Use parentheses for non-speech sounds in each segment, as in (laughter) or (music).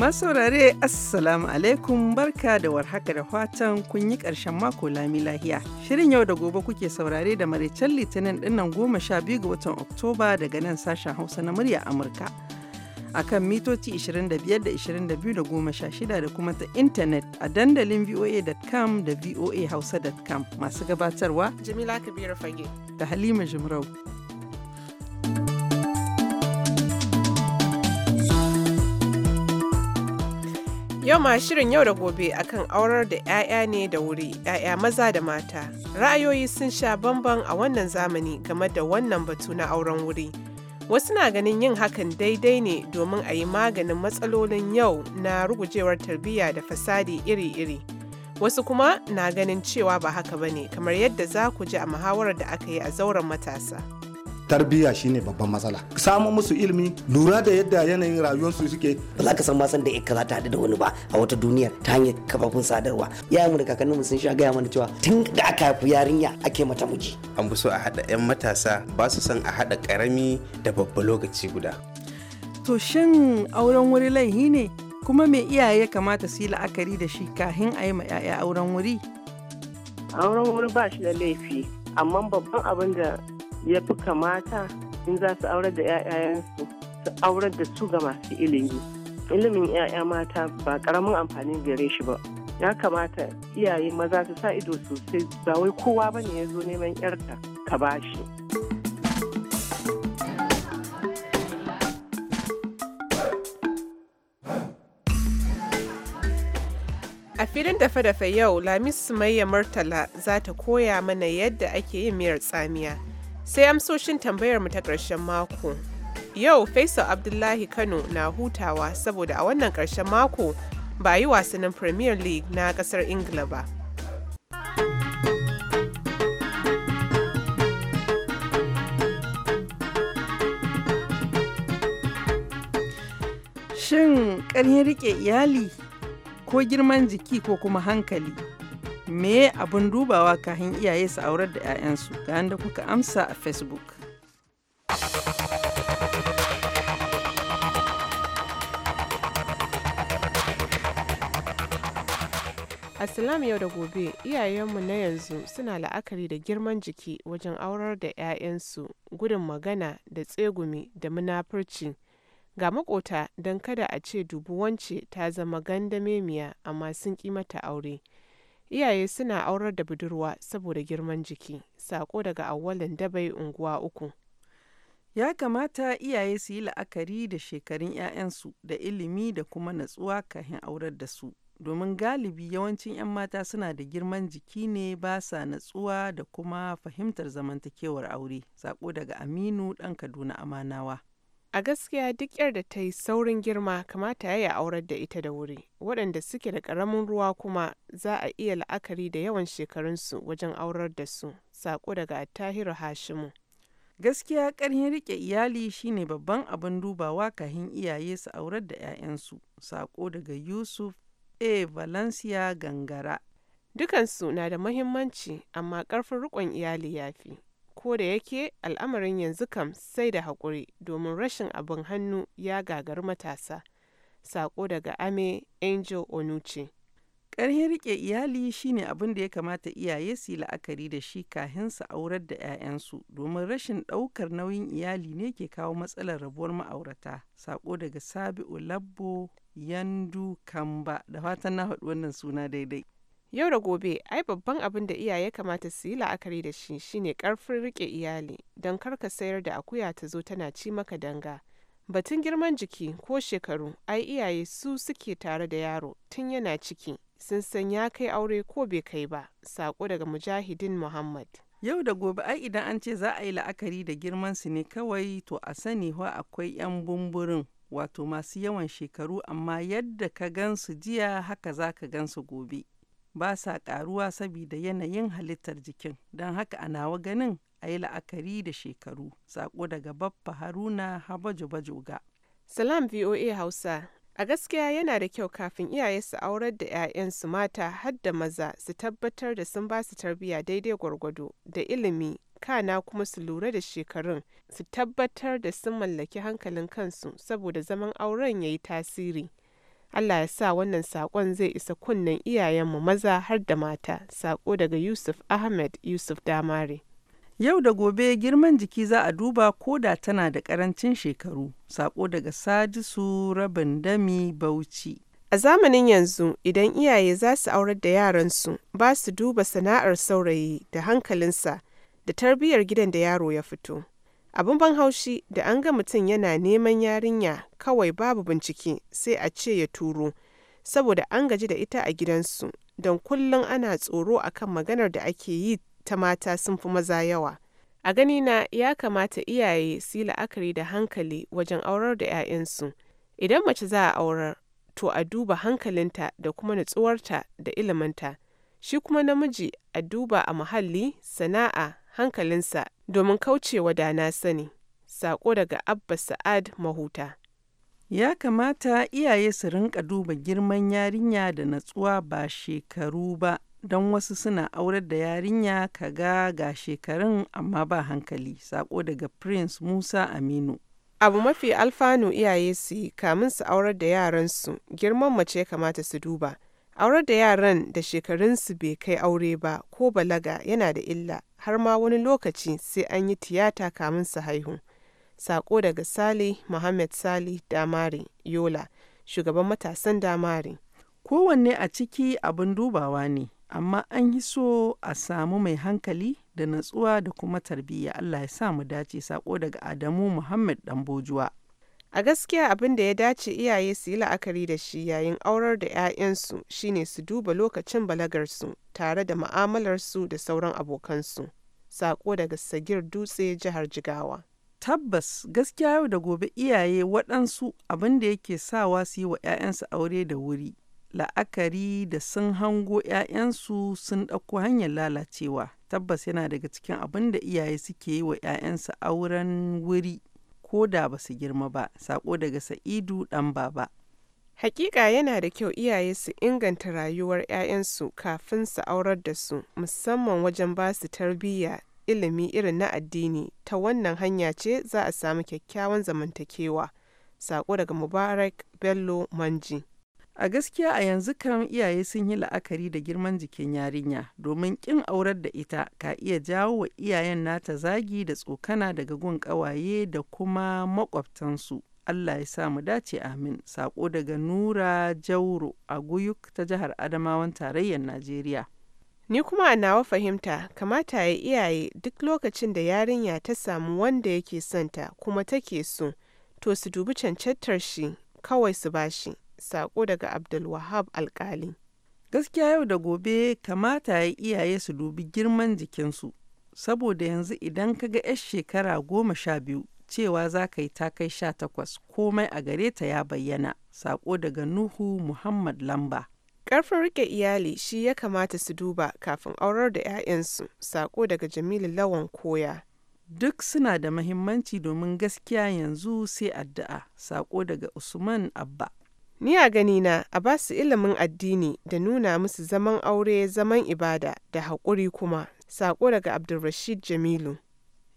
Masu saurare Assalamu alaikum barka da warhaka da fatan kun yi karshen mako lami lahiya. Shirin yau da gobe kuke saurare da maraicen litinin dinnan goma sha biyu ga watan Oktoba daga nan sashen Hausa na murya Amurka. A kan mitoci 25 da 22 da goma sha shida da kuma ta intanet a dandalin voa.com da voahausa.com masu gabatarwa Jamila Kabiru Fage da Halima Jumrau. Yau ma shirin yau da gobe akan aurar da 'ya'ya ne da wuri, 'ya'ya maza da mata. Ra'ayoyi sun sha bamban a wannan zamani game da wannan batu na auren wuri. Wasu na ganin yin hakan daidai ne domin a yi maganin matsalolin yau na rugujewar tarbiyya da fasadi iri-iri. Wasu kuma na ganin cewa ba haka ba ne, kamar yadda za ku ji a muhawarar da aka yi a zauren matasa. tarbiyya shine babban matsala samun musu ilimi lura da yadda yanayin rayuwarsu suke ba za ka san san da ka za ta haɗu da wani ba a wata duniya ta hanyar kafafun sadarwa ya mu da kakannin mu sun sha gaya mana cewa tun da aka haifu yarinya ake mata miji an fi so a haɗa 'yan matasa ba su san a haɗa ƙarami da babba lokaci guda to shin auren wuri laihi ne kuma me iyaye ya kamata su yi la'akari da shi kafin a yi ma 'ya'ya auren wuri auren wuri ba shi da laifi amma babban abin da ya fi kamata in za su aurar da 'ya'yansu su aurar da su ga masu ilimi ilimin 'ya'ya mata ba karamin amfani gare shi ba ya kamata iyaye maza su sa ido sosai ba wai kowa ba ne ya zo neman 'yarta ka bashi. A filin dafe-dafe yau Lamis Sumayya Murtala za ta koya mana yadda ake yin miyar tsamiya. sai amsoshin tambayar mu ta ƙarshen mako. Yau Faisal Abdullahi Kano na hutawa saboda a wannan ƙarshen mako ba yi wasannin Premier League na ƙasar Ingila ba. Shin ya riƙe iyali ko girman jiki ko kuma hankali? me abin dubawa kahin iyaye su aurar da 'ya'yansu ga da kuka amsa a facebook Assalam yau da gobe iyayenmu na yanzu suna la'akari da girman jiki wajen aurar da 'ya'yansu gudun magana da tsegumi da munafurci ga makota don kada a ce dubuwance ta zama gandamemiya amma sun ƙi mata aure. Iyaye suna aurar da budurwa saboda girman jiki. Sako daga Awwalin Dabai Unguwa uku. Ya kamata iyaye su yi la'akari da shekarun 'ya'yansu da ilimi da kuma natsuwa kafin aurar da su. Domin galibi yawancin 'yan mata suna da girman jiki ne ba sa natsuwa da kuma fahimtar zamantakewar aure. Sako daga Aminu ɗan Kaduna Amanawa. A gaskiya duk ‘yar da ta yi saurin girma kamata ya yi aurar da ita da wuri, waɗanda suke da ƙaramin ruwa kuma za a iya la'akari da yawan shekarunsu wajen aurar da su, saƙo daga Tahiru Hashimu. Gaskiya ƙarhin riƙe iyali shine babban abin dubawa kahin iyaye su aurar da 'ya'yansu, saƙo daga Yusuf A. Valencia Gangara. Dukansu na da muhimmanci, amma ƙarfin riƙon iyali ya fi. ko da yake al'amarin yanzu kam sai da haƙuri domin rashin abin hannu ya gagari matasa. Sako daga Ame Angel Onuche. Ƙarhin riƙe iyali shine abin da ya kamata iyaye su yi la'akari da shi kahin su aurar da 'ya'yansu domin rashin ɗaukar nauyin iyali ne ke kawo matsalar rabuwar ma'aurata. Sako daga Sabi'u Labbo Yandu Kamba da fatan na haɗu wannan suna daidai. Yau da gobe ai babban abin da iyaye kamata su yi la'akari da shi shine karfin rike iyali don kar ka sayar da akuya ta zo tana ci maka danga. Batun girman jiki ko shekaru ai iyaye su suke tare da yaro tun yana ciki sun san ya kai aure ko bai kai ba. Sako daga Mujahidin Muhammad. Yau da gobe ai idan an ce za a yi la'akari da girman su ne kawai to a sani wa akwai 'yan bumburin wato masu yawan shekaru amma yadda ka gansu jiya haka za ka gansu gobe. ba sa karuwa saboda yanayin halittar jikin, don haka a nawa ganin a yi la'akari da shekaru. Sako daga Baffa Haruna Habajo-Bajoga. Salam VOA Hausa. A gaskiya yana da kyau kafin iyaye su aurar da 'ya'yansu mata har da maza su tabbatar da sun ba su tarbiyya daidai gwargwado da ilimi kana kuma su lura da shekarun su tabbatar da sun mallaki hankalin kansu saboda zaman auren ya yi tasiri Allah ya sa wannan saƙon zai isa kunnen iyayenmu maza har da mata, saƙo daga Yusuf Ahmed Yusuf Damare. Yau da gobe girman jiki za a duba ko da tana da ƙarancin shekaru, saƙo daga Sadisu Rabin Dami Bauchi. A zamanin yanzu, idan iyaye za su aurar da yaransu, ba su duba sana'ar saurayi da hankalinsa da tarbiyyar gidan da yaro ya fito. Abin ban haushi da an ga mutum yana neman yarinya kawai babu bincike sai a ce ya turo, saboda an gaji da ita a gidansu, don kullum ana tsoro akan maganar da ake yi ta mata sun fi maza yawa. A ganina ya kamata iyaye su yi la'akari da hankali wajen aurar da 'ya'yansu. Idan mace za a aurar, to a duba hankalinta da kuma nutsuwarta da iliminta, shi kuma namiji a duba a muhalli, sana'a, hankalinsa domin kaucewa da na sani. Sako daga Abba Sa'ad Mahuta. Ya kamata iyaye su rinka duba girman yarinya da natsuwa ba shekaru ba, don wasu suna aurar da yarinya kaga ga shekarun amma ba hankali. Sako daga Prince Musa Aminu. Abu mafi alfanu iyaye su yi kamun su aurar da yaransu, girman mace ya kamata su duba. Aurar da yaran da shekarunsu bai kai aure ba ko balaga yana da illa. har ma wani lokaci sai an yi tiyata kamin su haihu. Sako daga Sale Muhammad Sale Damare Yola, shugaban matasan Damare. Kowanne a ciki abin dubawa ne, amma an yi so a samu mai hankali da natsuwa da kuma tarbiyya Allah ya sa mu dace sako daga Adamu Muhammad Dambojuwa. A gaskiya abin da ya dace iyaye su yi la'akari da shi yayin aurar da 'ya'yansu shine su duba lokacin balagarsu tare da mu'amalarsu da sauran abokansu. Sako daga Sagir Dutse, Jihar Jigawa. Tabbas gaskiya yau da gobe iyaye waɗansu abin da yake sawa su yi wa 'ya'yansu aure da wuri. La'akari da sun hango 'ya'yansu sun ɗauko hanyar lalacewa. Tabbas yana daga cikin abin da iyaye suke yi wa 'ya'yansu auren wuri ko da ba su girma ba sako daga sa'idu dan baba Hakika yana da kyau iyaye su inganta rayuwar 'ya'yansu kafin su aurar da su, musamman wajen ba su tarbiyya, ilimi irin na addini, ta wannan hanya ce za a samu kyakkyawan zamantakewa. Sako daga Mubarak Bello Manji. A gaskiya a yanzu kan iyaye sun yi la'akari da girman jikin yarinya domin kin aurar da ita ka iya jawo wa iyayen nata zagi da tsokana daga gun ƙawaye da kuma makwabtansu. Allah ya sa mu dace amin. Sako daga Nura Jauro a Guyuk ta jihar Adamawan tarayyar Najeriya. Ni kuma a nawa fahimta kamata ya iyaye duk lokacin da yarinya ta samu wanda yake santa kuma take so to su dubi cancantar shi kawai su bashi. Sako daga Abdulwahab Alkali. Gaskiya yau da gobe kamata ya iyaye su dubi girman jikinsu, saboda yanzu idan ka ga 'yar shekara goma sha biyu cewa za ka yi ta kai sha takwas komai a gare ta ya bayyana. Sako daga Nuhu Muhammad Lamba. karfin rike iyali shi ya kamata su duba kafin aurar da 'ya'yansu. Sako daga Jamilu Lawan Koya. duk suna da mahimmanci domin gaskiya yanzu sai addu'a sako daga usman abba Ni a ganina a basu ilimin addini da nuna musu zaman aure zaman ibada da haƙuri kuma. Saƙo daga Abdulrasheed Jamilu.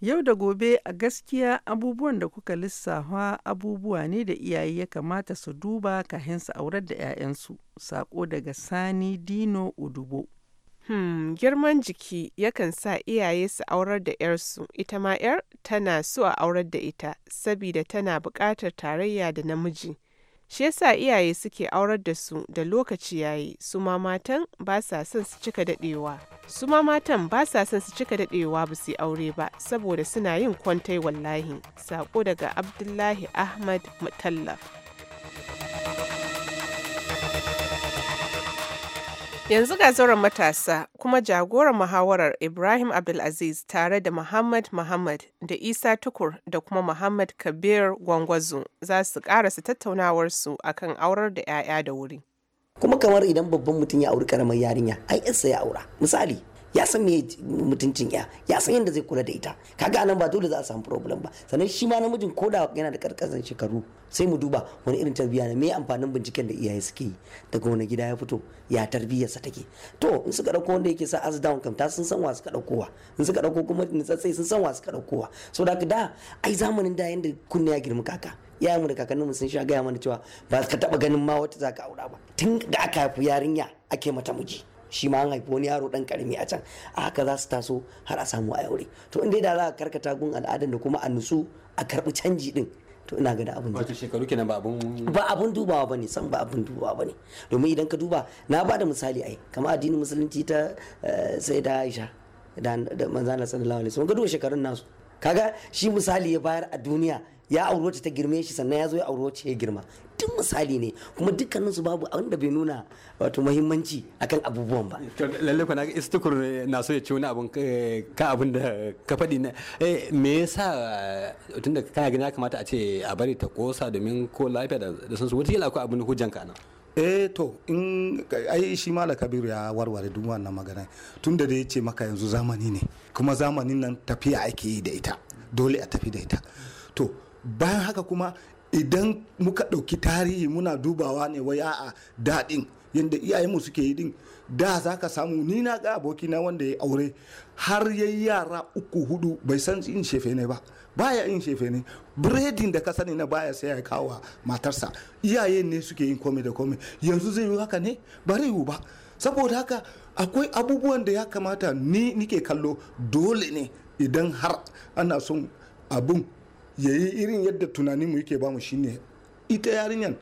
Yau da gobe a gaskiya abubuwan da kuka lissafa abubuwa ne da iyaye ya kamata su duba kahin su aurar da 'ya'yansu. Saƙo daga Sani Dino Udubo. Hmm, girman jiki yakan sa iyaye su aurar da 'yarsu, ita ma 'yar tana so a aurar da ita, sabida tana buƙatar tarayya da namiji. Shi yasa iyaye suke aurar da su da lokaci yayi su ma matan ba sa son su cika dadewa Su ma matan ba sa son su cika daɗewa ba su aure ba saboda suna yin kwantai wallahi. Sako daga Abdullahi Ahmad Mutallaf. Yanzu ga zauren matasa kuma jagoran muhawarar Ibrahim Abdulaziz tare da Muhammad Muhammad da Isa Tukur da kuma Muhammad Kabir Gwangwazo za su karasa tattaunawarsu akan aurar da 'ya'ya da wuri. Kuma kamar idan babban mutum ya auri karamar yarinya, ai ya aura. Misali, ya san me mutuncin ya ya san yadda zai kula da ita kaga anan ba dole za a samu problem ba sannan shi ma namijin ko da yana da karkasan shekaru sai mu duba wani irin tarbiyya ne me amfanin binciken da iyaye suke yi daga wani gida ya fito ya tarbiyyarsa take to in suka dauko wanda yake sa as down kam ta sun san wa suka daukowa in suka dauko kuma nitsatsai sun san wasu suka daukowa so da da ai zamanin da yanda kunne ya girma kaka iyayen mu da kakannin mu sun sha gaya mana cewa ba ka taba ganin ma wata zaka aura ba tun da aka haifu yarinya ake mata miji shi ma an haifi wani yaro dan karami a can a haka za su taso har a samu a aure to inda da za a karkata gun al'adar da kuma a nutsu a karbi canji din to ina ga da abin wato shekaru kenan ba abun ba abun dubawa bane san ba abun dubawa bane domin idan ka duba na ba da misali ai kamar addinin musulunci ta eh, sai da Aisha da manzana sallallahu alaihi wasallam ga duba shekarun nasu kaga shi misali ya bayar a duniya ya auri ta girme shi sannan ya zo ya auri wacce ya girma duk misali ne kuma dukkaninsu babu wanda bai nuna wato muhimmanci akan abubuwan ba lalle kuna istikur na so ya ci wani abun eh, ka abun da ka faɗi na eh, me yasa eh, tunda kana gani ya kamata a ce a bari ta kosa domin ko lafiya da sun su wata yala ko abun hujjan ka nan eh to in ai shi mala kabiru ya warware duk wannan magana tun da ya ce maka yanzu zamani ne kuma zamanin nan tafiya ake yi da ita dole a tafi da ita to bayan haka kuma idan muka ɗauki tarihi muna dubawa ne waya ya'a daɗin yadda mu suke yi din da za ka samu ni na ga aboki na wanda ya aure har ya yi yara uku hudu bai san in shefe ne ba baya in shefe ne biredin da ka sani na baya sai ya kawo matarsa iyaye ne suke yin komai da komai yanzu zai yi haka ne bari yi ba saboda haka akwai abubuwan da ya kamata ni nike kallo dole ne idan har ana son abun yayi irin yadda tunanin mu yake bamu shine ita yarinyan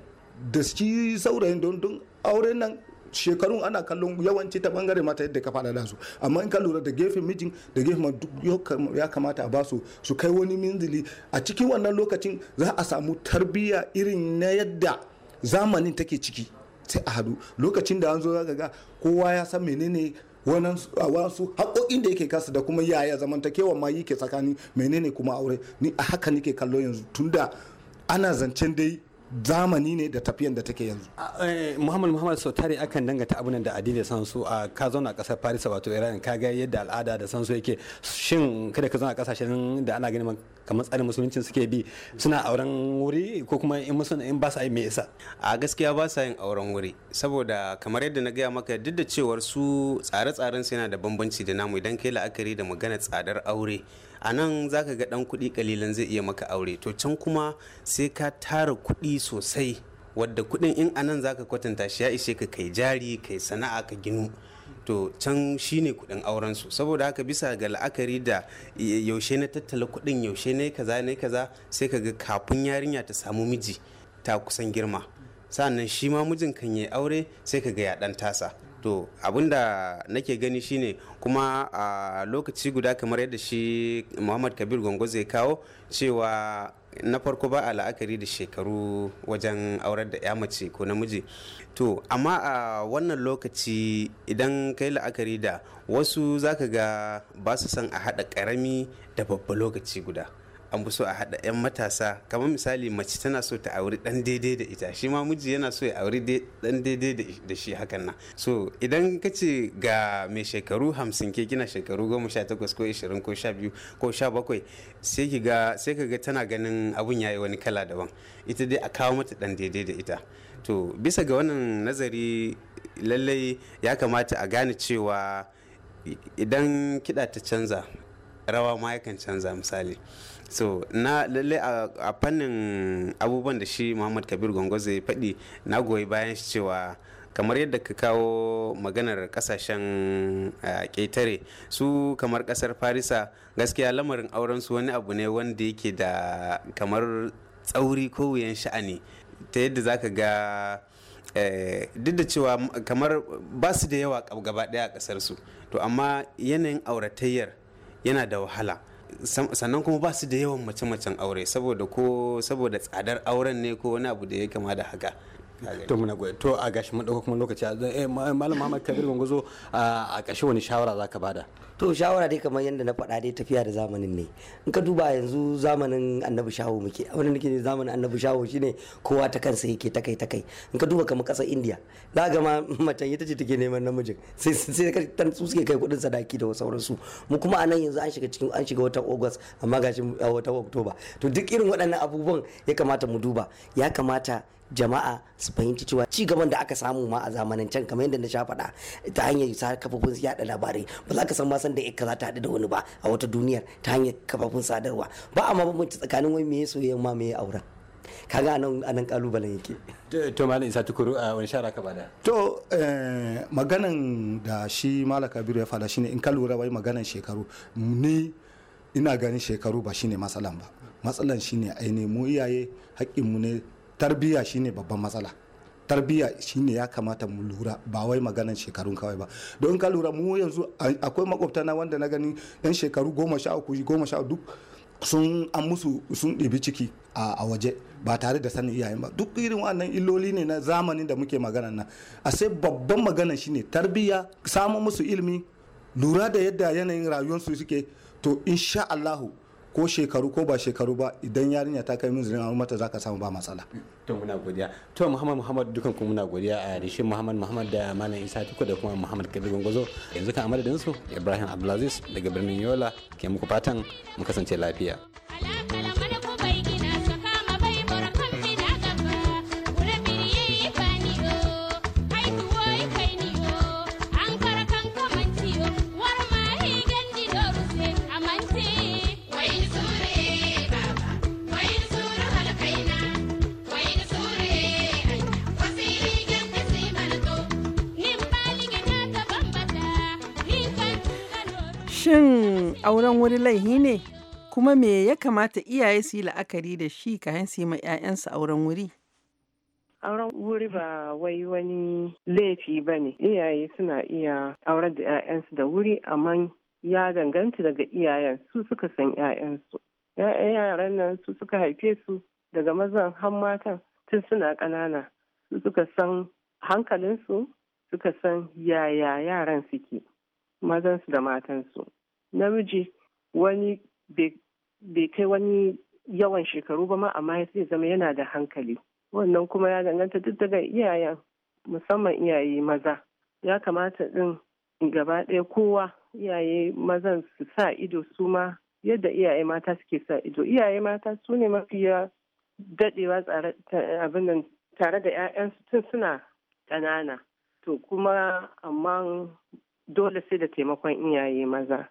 da shi saurayin don don auren nan shekarun ana kallon yawanci ta bangare mata yadda ka da su amma in ka lura da gefen mijin da gefen duk ya kamata a ba su su kai wani minzili a cikin wannan lokacin za a samu tarbiyya irin na yadda zamanin take ciki sai a hadu lokacin da an zo za ga kowa ya san menene wasu haƙoƙin da yake kasa da kuma yaya zamantakewa ma yi ke tsakani menene kuma aure ni a haka nake kallo yanzu tunda ana zancen dai zamani ne da tafiyan da take yanzu. Eh, Muhammad Muhammad so tare akan dangata abunan da addini san su a ka zauna a kasar Paris wato Iran ka ga yadda al'ada da san su yake shin kada ka zauna a kasashen da ana ganin kamar tsarin musulunci suke bi suna auren wuri ko kuma in musu in ba sa yi me yasa. A gaskiya ba sa yin auren wuri saboda kamar yadda na gaya maka duk da cewar su tsare-tsaren su yana da bambanci da namu idan kai la'akari da magana tsadar aure a nan za ka ga ɗan kuɗi kalilan zai iya maka aure to can kuma sai ka tara kuɗi sosai wadda kuɗin in a nan za ka kwatanta shi ya ishe ka kai jari kai sana'a ka ginu to can shine kuɗin auren su saboda haka bisa ga la'akari da yaushe na tattala kuɗin yaushe ne kaza ne kaza sai ka ga kafin yarinya ta samu miji ta kusan girma sannan shi ma mijin kan yi aure sai ka ga ya ɗan tasa to abinda nake gani shine kuma a lokaci guda kamar yadda shi muhammad kabir gwangwa zai kawo cewa na farko ba a la'akari da shekaru wajen aurar da ya mace ko namiji to amma a wannan lokaci idan kai la'akari da wasu zaka ga ba su son a haɗa ƙarami da babba lokaci guda an bi so a haɗa 'yan matasa kamar misali mace tana so ta auri ɗan daidai da ita shi ma miji yana so ya auri ɗan daidai da shi hakan nan so idan ka ce ga mai shekaru hamsin ke kina shekaru goma sha takwas ko ishirin ko sha biyu ko sha bakwai sai ka ga tana ganin abun ya yi wani kala daban ita dai a kawo mata ɗan daidai da ita to bisa ga wannan nazari lallai ya kamata a gane cewa idan kiɗa ta canza rawa ma yakan canza misali so na lalle a fannin abubuwan da shi muhammad kabir gongo zai faɗi na goyi bayan shi cewa kamar yadda ka kawo maganar kasashen ƙetare su kamar ƙasar farisa gaskiya lamarin aurensu wani abu ne wanda yake da kamar tsauri ko wuyan sha'ani ta yadda za ka ga eh, duk da cewa kamar ba su da yawa gaba ɗaya a ƙasarsu su to amma yanayin auratayyar yana da wahala sannan kuma ba su da yawan mace-macen aure saboda ko saboda tsadar auren ne ko wani abu da ya kama da haka to muna goyi to a gashi mun dauko kuma lokaci a eh, malam Muhammad Kabir Gongozo a kashe wani shawara zaka bada to shawara dai kamar yadda na faɗa dai tafiya da zamanin ne in ka duba yanzu zamanin annabi shawo muke abin da nake zamanin annabi shawo shine kowa ta kansa yake ta kai ta kai in ka duba kamar ƙasar indiya za ga ma macen ita ce take neman namijin sai sai tan su suke kai kudin sadaki da sauransu mu kuma anan yanzu an shiga cikin an shiga watan august amma gashi watan october to duk irin waɗannan abubuwan ya kamata mu duba ya kamata jama'a su fahimci cewa ci gaban da aka samu ma a zamanin can kamar yadda na sha faɗa ta hanyar sa kafofin yada labarai ba za ka san ba da ka za ta haɗu da wani ba a wata duniyar ta hanyar kafafun sadarwa ba a mabambanci tsakanin wani mai soyayya ma mai auren kaga anan anan kalubalen yake to malam isa tukuru a wani shara ka bada to eh, maganan da shi malam kabiru ya fada shine in ka lura wai maganan shekaru ni ina ganin shekaru ba shine matsalan ba matsalan shine ainihin mu iyaye haƙƙin mu ne tarbiyya shine babban matsala tarbiyya shine ya kamata mu lura ba wai maganan shekarun kawai ba don ka lura mu yanzu akwai makwabta na wanda na gani yan shekaru goma sha uku goma sha duk sun an musu sun ɗibi ciki a waje ba tare da sanin iyayen ba duk irin wannan illoli ne na zamanin da muke magana nan a sai babban magana shine tarbiyya samun musu ilimi lura da yadda yanayin rayuwarsu suke to insha Allahu ko shekaru ko ba shekaru ba idan yarinya ta kai minzirin aure mata zaka samu ba matsala to muna godiya to muhammad muhammad dukan ku muna godiya a rishin muhammad muhammad da malam isa tuku da kuma muhammad kabi gongozo yanzu kan amadadin su ibrahim abdulaziz daga birnin yola ke muku fatan mu kasance lafiya auren wuri laihi ne? Kuma me ya kamata iyaye su yi la'akari da shi ka su yi ma 'ya'yansu auren wuri? auren wuri ba wai wani laifi ba ne iyaye suna iya auren da 'ya'yansu da wuri amma ya danganta daga iyayen su suka san 'ya'yansu yaran nan su suka haife su daga mazan har matan tun suna ƙanana su suka san hankalinsu suka san yaya yaran suke mazansu da matansu namiji wani bai kai wani yawan shekaru ba ma amma ya zai zama yana da hankali wannan kuma ya danganta duk daga iyayen musamman iyaye maza ya kamata din gaba ɗaya kowa iyaye mazan su sa ido su ma yadda iyaye mata suke sa ido iyaye mata su ne mafiya daɗewa tare da 'ya'yansu tun suna ƙanana to kuma amma dole sai da taimakon iyaye maza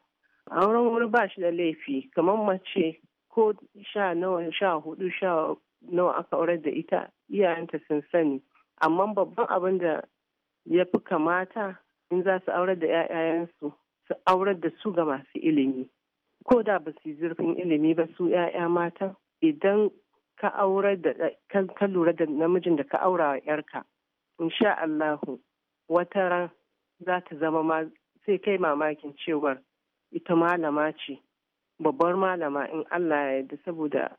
auren wuri ba shi da laifi kamar mace ko sha nawa sha hudu sha nawa aka aurar da ita iyayenta sun sani amma babban abin da ya fi kamata in za su aurar da 'ya'yansu su aurar da su ga masu ilimi ko da ba su zurfin ilimi ba su 'ya'ya mata idan ka aurar da ka lura da namijin da ka aura wa 'yarka insha Allahu wata ran za ta zama ma sai kai mamakin cewar ita malama ce babbar malama in Allah ya yarda saboda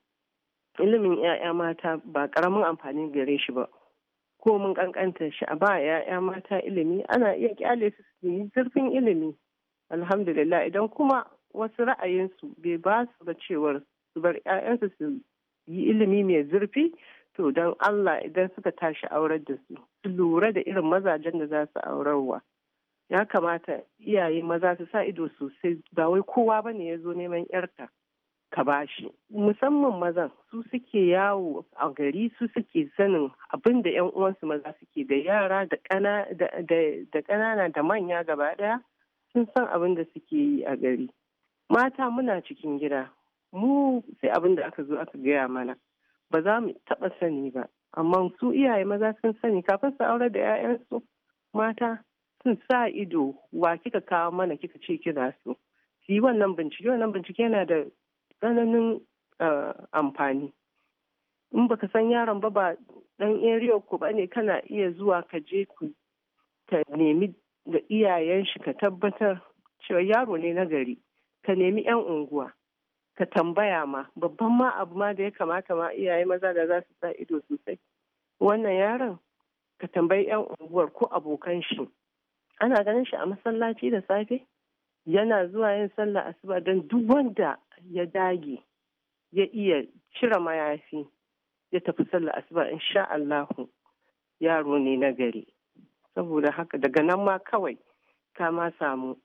ilimin 'ya'ya mata ba karamin amfani gare shi ba ko mun kankanta shi a ba 'ya'ya mata ilimi ana iya kyale su su yi zurfin ilimi alhamdulillah idan kuma wasu ra'ayinsu bai ba su ba cewar su bar 'ya'yansu su yi ilimi mai zurfi to don Allah idan suka tashi aurar da su su lura da irin mazajen da za su aurarwa ya kamata iyaye maza su sa ido sosai ba wai kowa ba ne ya zo neman yarta ka bashi musamman mazan su suke yawo a gari su suke sanin abin da yan uwansu maza suke da yara da ƙanana da manya gaba ɗaya sun san abin da suke yi a gari mata muna cikin gida mu sai abin da aka zo aka gaya mana ba za mu taɓa sani ba amma su iyaye maza sun sani kafin su aure da 'ya'yansu mata sun sa ido wa kika kawo mana kika ce kina so su yi wannan bincike wannan bincike yana da tsananin eh, amfani in baka san yaron ba ba dan area ku ba ne kana iya zuwa ka je ku ka nemi da iyayen shi ka tabbatar cewa yaro ne na gari ka nemi yan unguwa ka tambaya ma babban ma abu ma da ya kamata ma iyaye maza da za su sa ido sosai wannan yaron ka tambayi yan unguwar ko abokan shi ana ganin shi a masallaci da safe yana zuwa yin sallah asuba don duk wanda ya dage ya iya cire mayafi ya tafi sallah asuba sha Allahu yaro ne na gari saboda haka daga nan ma kawai ka ma samu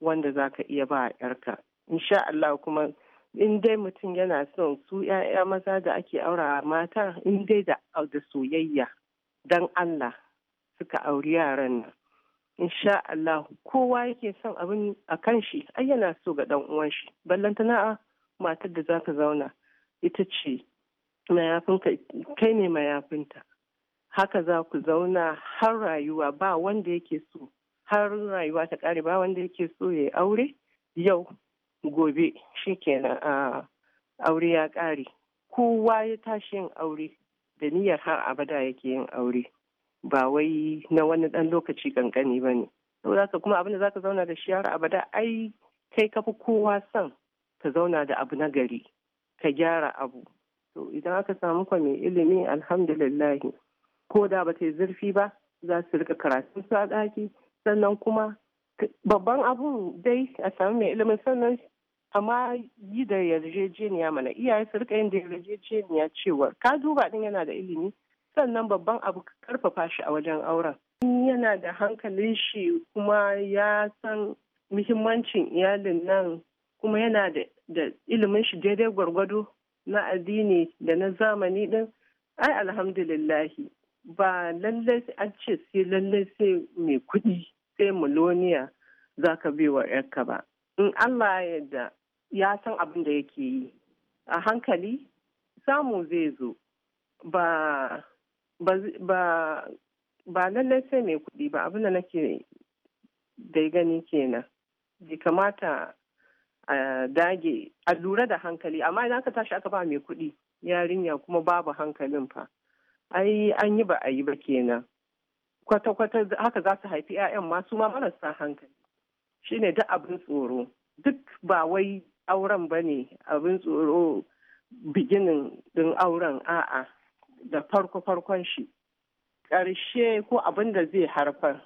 wanda za ka iya ba a yarka sha Allah kuma in dai mutum yana son su ‘ya'ya maza da ake aura matar in dai da soyayya don Allah suka auri yaran nan insha Allah kowa yake son abin a kan shi ai yana so ga dan uwan shi ballantana matar da zaka zauna ita ce mayafinka kai ne mayafinta haka za ku zauna har rayuwa ba wanda yake so har rayuwa ta kare ba wanda yake so ya aure yau gobe shikenan a aure ya kare kowa ya tashi yin aure da niyyar har abada yake yin aure ba wai na wani dan lokaci kankani ba ne saboda kuma abin da zaka zauna da shi har abada ai kai kafi kowa son ka zauna da abu na gari ka gyara abu to idan aka samu kwa mai ilimi alhamdulillah ko da ba ta yi zurfi ba za su rika karatun su a ɗaki sannan kuma babban abu dai a sami mai ilimin sannan amma yi da yarjejeniya mana iyaye su rika yin da yarjejeniya cewa ka duba din yana da ilimi sannan babban abu karfafa shi a wajen auren yana da hankalin shi kuma ya san muhimmancin iyalin nan kuma yana da ilimin shi daidai gwargwado na addini da na zamani din ai alhamdulillahi ba lallai an ce sai lallai sai mai kuɗi sai miloniya za ka bi wa yarka ba in allah yadda ya san abin da yake yi a hankali samu zai zo ba ba lallai sai mai kuɗi ba abin da nake da gani kenan bai kamata a dage a lura da hankali amma idan aka tashi aka ba mai kuɗi yarinya kuma babu hankalin fa ai an yi ba a yi ba kenan kwata-kwata haka za su haifi 'ya'yan masu ma marasa hankali shine duk abin tsoro duk ba wai auren ba ne abin tsoro biginin din auren a'a da farko-farkon shi ƙarshe ko abin da zai harfar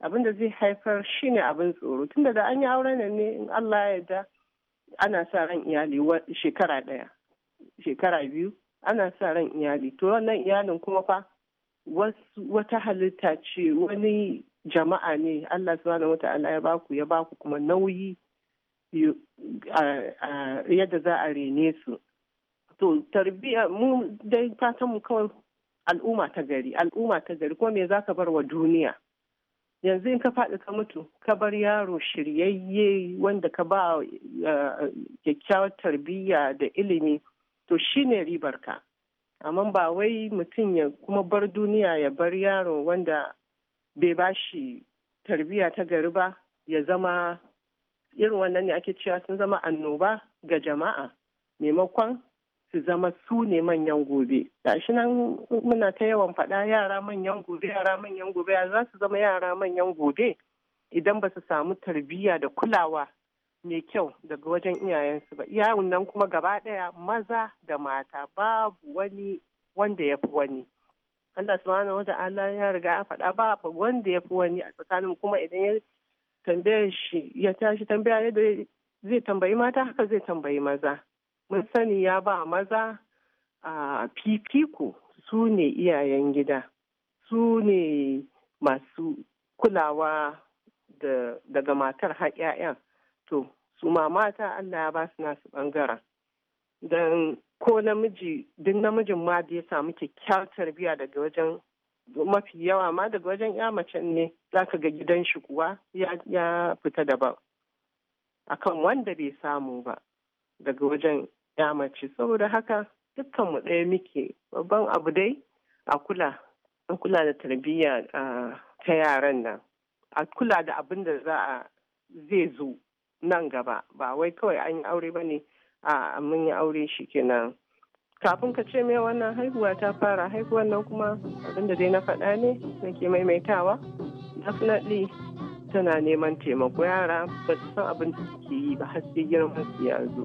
abin da zai haifar shi ne abin tsoro tunda da an yi auren nan ne in Allah ya da ana sa ran iyali shekara ɗaya shekara biyu ana sa ran iyali to wannan iyalin kuma fa wata halitta ce wani jama'a ne Allah subhanahu wata'ala ya baku ya baku kuma nauyi yadda za a rene su to tarbiya mu dai fatan mu kawai al'umma ta gari al'umma ta gari ko me ka bar wa duniya yanzu in ka faɗi ka mutu ka bar yaro shiryayye wanda ka ba eh, kyakkyawar tarbiya da ilimi to shine ribarka amma ba wai mutum ya kuma bar duniya ya bar yaro wanda bai ba shi tarbiya ta gari ba ya zama irin wannan ne ake cewa sun zama annoba ga jama'a maimakon su zama su ne manyan gobe gashi nan muna ta yawan faɗa yara manyan gobe yara manyan gobe za su zama yara manyan gobe idan ba su samu tarbiyya da kulawa mai kyau daga wajen iyayensu ba iyawun nan kuma gaba ɗaya maza da mata babu wani wanda ya fi wani Allah subhanahu wa ta'ala ya riga ya faɗa ba wanda ya fi wani a tsakanin kuma idan ya tambaya shi ya tashi tambaya yadda zai tambayi mata haka zai tambayi maza mun sani ya ba maza a fifiko su ne iyayen gida su ne masu kulawa daga matar har 'ya'yan to su ma mata allah ya ba su nasu bangaren don ko namiji duk namijin ma da ya samu kyakkyawar tarbiyya daga wajen mafi yawa ma daga wajen ya mace ne zaka ga gidan shi kuwa ya fita daban akan wanda bai samu ba daga wajen ya mace saboda haka dukkan mu ɗaya muke babban abu dai a kula a kula da tarbiyya ta yaran nan a kula da abin da za a zai zo nan gaba ba wai kawai an yi aure ba ne a mun yi aure shi kenan kafin ka ce mai wannan haihuwa ta fara haihuwan nan kuma abin da dai na faɗa ne nake maimaitawa definitely tana neman taimako yara ba su san abin da suke yi ba har sai girman su ya zo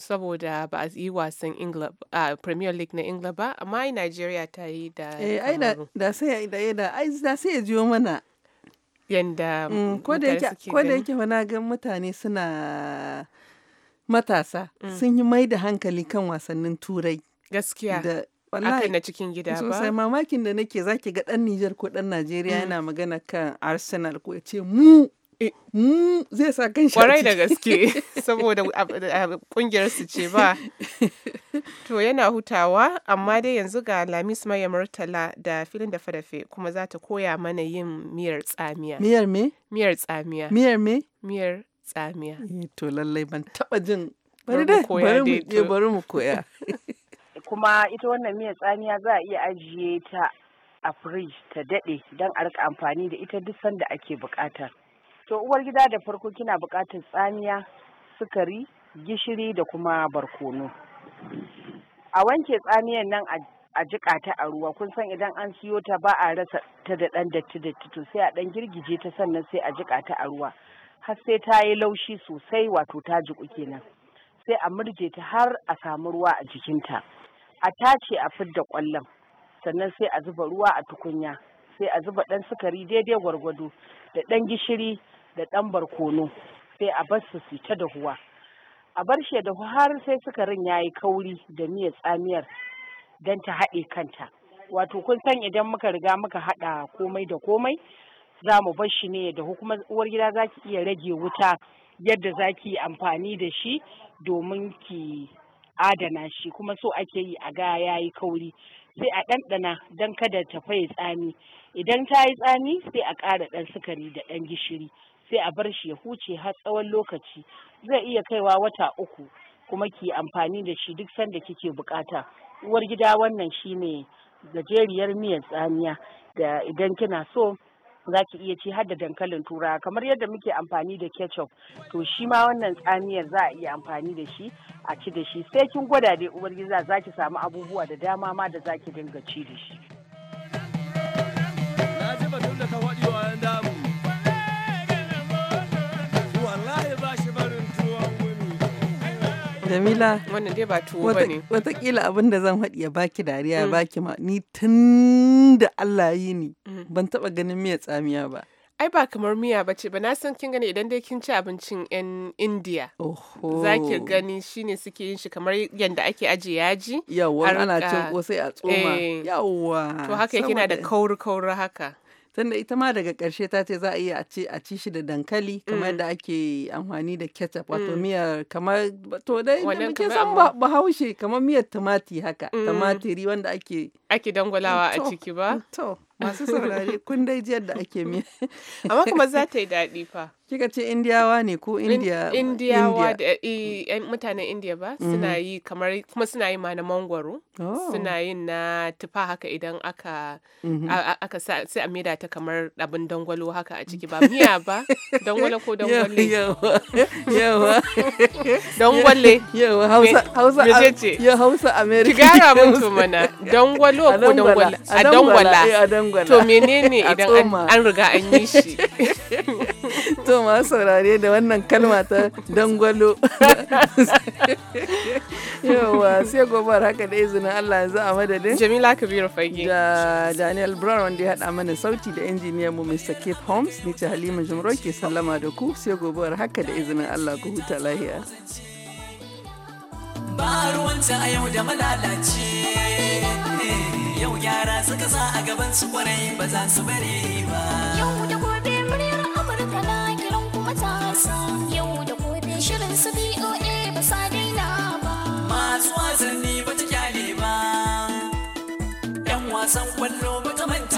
saboda ba a yi wasan Premier League na Ingila ba, amma ai nigeria ta yi da eh, da sai da sai ya jiyo mana. Yanda mm, ko da yake wana gan mutane suna matasa mm. sun yi mai da hankali kan wasannin turai. Gaskiya. wallahi na cikin gida ba sosai mamakin da nake zaki ga dan Nijar ko dan Najeriya mm. yana magana kan Arsenal ko ya ce mu Eh, mm, zai sa kan shi kwarai da gaske (laughs) saboda kungiyar su ce ba to yana hutawa amma dai yanzu ga lamis maya murtala da filin da fadafe kuma za ta koya mana yin miyar tsamiya miyar me miyar tsamiya miyar me miyar tsamiya eh, to lallai ban taba jin bari dai eh, bari mu koya (laughs) kuma ita wannan miyar tsamiya za a iya ajiye ta a fridge ta dade don a rika amfani da ita duk sanda ake bukata To uwar gida da farko kina buƙatar tsamiya, sukari, gishiri da kuma barkono. A wanke tsamiyan nan a jiƙa ta a ruwa kun san idan an siyo ta ba a rasa ta da ɗan datti datti to sai a ɗan girgije ta sannan sai a jiƙa ta a ruwa har sai ta yi laushi sosai wato ta jiƙu kenan sai a murje ta har a samu ruwa a jikinta a tace a fidda ƙwallon sannan sai a zuba ruwa a tukunya sai a zuba ɗan sukari daidai gwargwado da ɗan gishiri da ɗan barkono sai a bar su fita da huwa a bar shi da har sai sukarin ya yi kauri da miyar tsamiyar don ta haɗe kanta wato kun san idan muka riga muka haɗa komai da komai za mu bar shi ne ya dahu kuma uwar gida za ki iya rage wuta yadda za ki amfani da shi domin ki adana shi kuma so ake yi a ga ya yi kauri sai a ɗanɗana don kada ta faye tsami idan ta yi tsami sai a ƙara ɗan sukari da ɗan gishiri sai a bar shi ya huce har tsawon lokaci zai iya kaiwa wata uku kuma ki amfani da shi duk sanda kike bukata uwar gida wannan shine gajeriyar miyar tsamiya da idan kina so za ki iya ci har da dankalin turawa kamar yadda muke amfani da ketchup to shi ma wannan tsamiyar za a iya amfani da shi a ci da shi sai kin gwada dai uwar gida za ki samu abubuwa da dama ma da za ki dinga ci da shi Jamila. Wannan dai ba tuwo ba ne. Wataƙila abin da zan haɗi ya baki dariya ya mm. baki ma ni tun da Allah yi ni mm. ban taɓa ganin miya tsamiya ba. ai ba kamar miya ba ce ba na san kin gani idan dai kin ci abincin yan indiya za ki gani shi ne suke yin shi kamar yadda ake aje yaji Yawwa ana cin kosai a tsoma eh. Yawwa. to haka yake na da kauri kauri haka tunda ita ma daga karshe ta ce za a iya a ci shi da dankali kamar mm. da ake amfani da ketchup wato mm. miyar kamar to dai da muke san bahaushe kamar miyar tumati haka mm. tumatiri wanda ake ake dangwalawa a ciki ba to masu saurare (laughs) kun dai ji yadda ake mi (laughs) amma kuma za ta yi daɗi fa kika ce indiyawa ne ko indiya indiyawa da yan mutanen indiya ba mm. suna yi kamar kuma suna yi ma na mangwaro oh. suna yi na tufa haka idan aka mm-hmm. aka sa sai a maida ta kamar abin dangwalo haka a ciki ba miya ba (laughs) dangwalo ko dangwalle yawa dangwalle yawa hausa hausa ya hausa america ki gara mun mana dangwalo ko dangwala a dangwala gwangwana to menene idan an riga an yi shi (laughs) to ma saurare da wannan kalma ta dangwalo (laughs) yawa sai gobar haka da izinin Allah yanzu a madadin Jamila Kabiru Fage da Daniel Brown wanda ya haɗa mana sauti da injiniyan mu Mr. Cape Holmes ni ce Halima Jumro ke sallama da ku sai gobar haka da izinin Allah ku huta lahiya ba ruwanta a yau da malalace eh, yau gyara suka sa a gaban su kwarai ba za su bari ba yau da gobe muryar amurka na kiran kuma ta yau da gobe shirin su boa ba sa daina ba masu wasanni ba ta kyale ba yan wasan kwallo ba ta manta